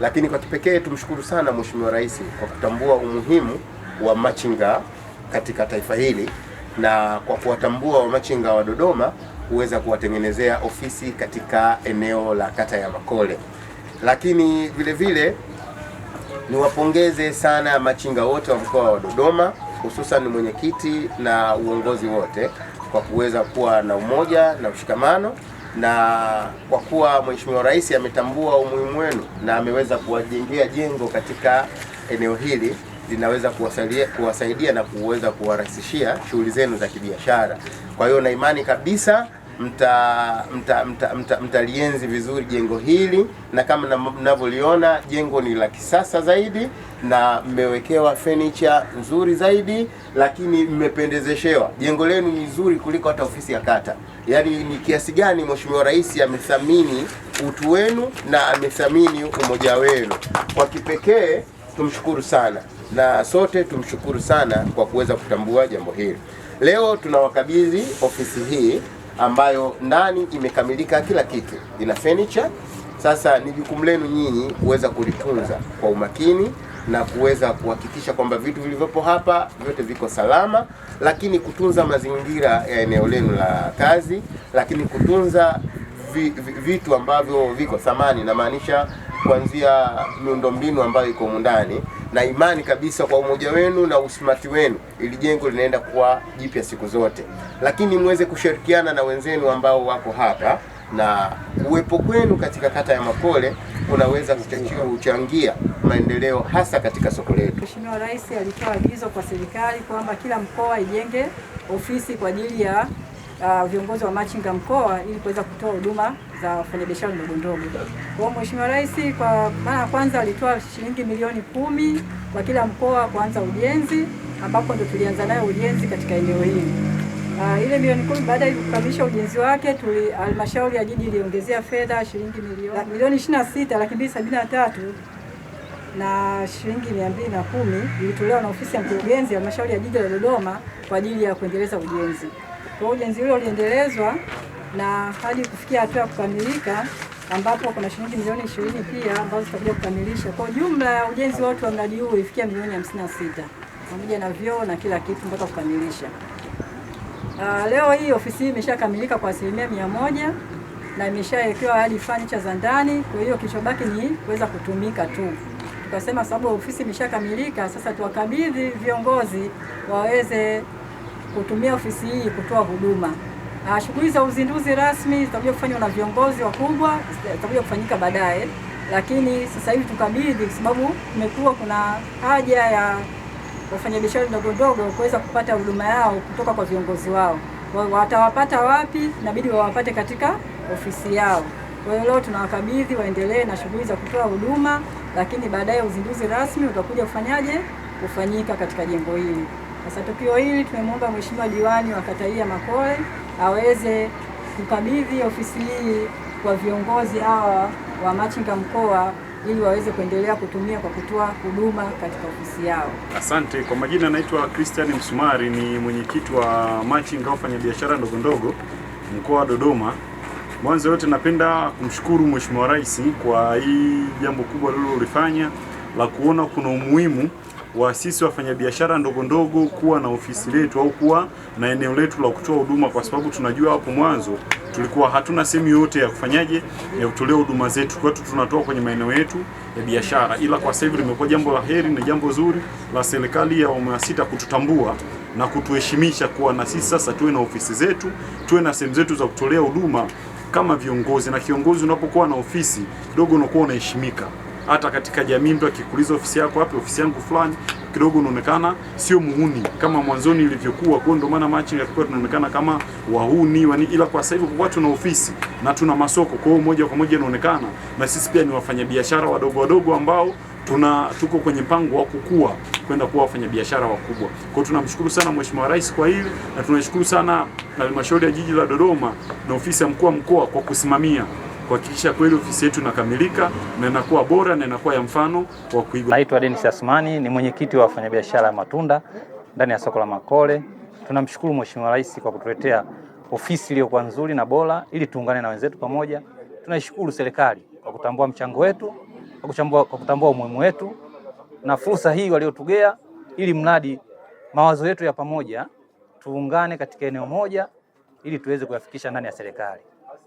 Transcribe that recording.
Lakini kwa kipekee tumshukuru sana Mheshimiwa Rais kwa kutambua umuhimu wa machinga katika taifa hili na kwa kuwatambua wamachinga wa Dodoma kuweza kuwatengenezea ofisi katika eneo la kata ya Makole. Lakini vile vile niwapongeze sana machinga wote wa mkoa wa Dodoma, hususan mwenyekiti na uongozi wote kwa kuweza kuwa na umoja na mshikamano na kwa kuwa Mheshimiwa Rais ametambua umuhimu wenu na ameweza kuwajengea jengo katika eneo hili linaweza kuwasaidia, kuwasaidia na kuweza kuwarahisishia shughuli zenu za kibiashara. Kwa hiyo na imani kabisa mtalienzi mta, mta, mta, mta vizuri jengo hili, na kama mnavyoliona jengo ni la kisasa zaidi na mmewekewa furniture nzuri zaidi, lakini mmependezeshewa. Jengo lenu ni nzuri kuliko hata ofisi ya kata. Yaani ni kiasi gani Mheshimiwa Rais amethamini utu wenu na amethamini umoja wenu kwa kipekee. Tumshukuru sana na sote tumshukuru sana kwa kuweza kutambua jambo hili. Leo tunawakabidhi ofisi hii ambayo ndani imekamilika kila kitu, ina furniture. Sasa ni jukumu lenu nyinyi kuweza kulitunza kwa umakini na kuweza kuhakikisha kwamba vitu vilivyopo hapa vyote viko salama, lakini kutunza mazingira ya eneo lenu la kazi, lakini kutunza vi, vi, vitu ambavyo viko thamani, namaanisha kuanzia miundombinu ambayo iko mundani na imani kabisa kwa umoja wenu na usimati wenu, ili jengo linaenda kuwa jipya siku zote, lakini muweze kushirikiana na wenzenu ambao wako hapa na uwepo kwenu katika kata ya makole unaweza kuchangia maendeleo hasa katika soko letu. Mheshimiwa Rais alitoa agizo kwa serikali kwamba kila mkoa ijenge ofisi kwa ajili ya uh, viongozi wa machinga mkoa ili kuweza kutoa huduma za wafanyabiashara ndogo ndogo. Kwa hiyo Mheshimiwa Rais kwa mara ya kwanza alitoa shilingi milioni kumi kwa kila mkoa kuanza ujenzi, ambapo ndo tulianza nayo ujenzi katika eneo hili. Uh, ile milioni kumi baada ya kukamilisha ujenzi wake tuli halmashauri ya jiji iliongezea fedha shilingi milioni milioni sita laki mbili sabini na tatu na shilingi mia mbili na kumi ilitolewa na ofisi ya mkurugenzi halmashauri ya jiji la Dodoma kwa ajili ya kuendeleza ujenzi kwa ujenzi huo uliendelezwa na hadi kufikia hatua ya kukamilika ambapo kuna shilingi milioni ishirini pia ambazo zitakuja kukamilisha. Kwa jumla ya ujenzi wote wa mradi huu ulifikia milioni hamsini na sita pamoja na vyoo na kila kitu mpaka kukamilisha. Uh, leo hii ofisi hii imeshakamilika kwa asilimia mia moja na imeshawekewa hadi fanicha za ndani, kwa hiyo kilichobaki ni kuweza kutumika tu. Tukasema sababu ofisi imeshakamilika sasa, tuwakabidhi viongozi waweze kutumia ofisi hii kutoa huduma. Ah, shughuli za uzinduzi rasmi zitakuja kufanywa na viongozi wakubwa, zitakuja kufanyika baadaye, lakini sasa hivi tukabidhi, kwa sababu kumekuwa kuna haja ya wafanyabiashara ndogo ndogo kuweza kupata huduma yao kutoka kwa viongozi wao. Watawapata wapi? Inabidi wawapate katika ofisi yao. Kwa hiyo leo tunawakabidhi waendelee na shughuli za kutoa huduma, lakini baadaye uzinduzi rasmi utakuja kufanyaje kufanyika katika jengo hili. Sasa tukio hili tumemwomba Mheshimiwa Diwani wa kata hii ya Makoe aweze kukabidhi ofisi hii kwa viongozi hawa wa machinga mkoa ili waweze kuendelea kutumia kwa kutoa huduma katika ofisi yao. Asante. Kwa majina, naitwa Christian Msumari, ni mwenyekiti wa machinga wafanyabiashara ndogo ndogo mkoa wa Dodoma. Mwanzo yote napenda kumshukuru Mheshimiwa Rais kwa hii jambo kubwa ulifanya la kuona kuna umuhimu wa sisi wafanyabiashara ndogo ndogo kuwa na ofisi letu au kuwa na eneo letu la kutoa huduma, kwa sababu tunajua hapo mwanzo tulikuwa hatuna sehemu yoyote ya kufanyaje ya kutolea huduma zetu, kwa hiyo tunatoa kwenye maeneo yetu ya biashara. Ila kwa sasa hivi limekuwa jambo la heri na jambo zuri la serikali ya awamu ya sita kututambua na kutuheshimisha kuwa na sisi sasa tuwe na ofisi zetu, tuwe na sehemu zetu za kutolea huduma kama viongozi. Na kiongozi unapokuwa na ofisi dogo, unakuwa unaheshimika hata katika jamii, mtu akikuuliza ofisi yako wapi, ofisi yangu fulani, kidogo unaonekana sio muhuni kama mwanzoni ilivyokuwa. Kwa ndio maana machi tulikuwa tunaonekana kama wahuni wani, ila kwa sasa hivi kwa tuna ofisi na tuna masoko, kwa hiyo moja kwa moja inaonekana na sisi pia ni wafanyabiashara wadogo wadogo ambao tuna tuko kwenye mpango wa kukua kwenda kuwa wafanyabiashara wakubwa. Kwa hiyo tunamshukuru sana Mheshimiwa Rais kwa hili na tunashukuru sana halmashauri ya jiji la Dodoma na ofisi ya mkuu wa mkoa kwa kusimamia kuhakikisha kweli ofisi yetu inakamilika na inakuwa bora na inakuwa ya mfano wa kuigwa. Naitwa Dennis Asmani, ni mwenyekiti wa wafanyabiashara ya matunda ndani ya soko la Makole. Tunamshukuru Mheshimiwa Rais kwa kutuletea ofisi iliyokuwa nzuri na bora ili tuungane na wenzetu pamoja. Tunaishukuru serikali kwa kutambua mchango wetu, kwa kutambua umuhimu wetu na fursa hii waliotugea, ili mradi mawazo yetu ya pamoja tuungane katika eneo moja ili tuweze kuyafikisha ndani ya serikali.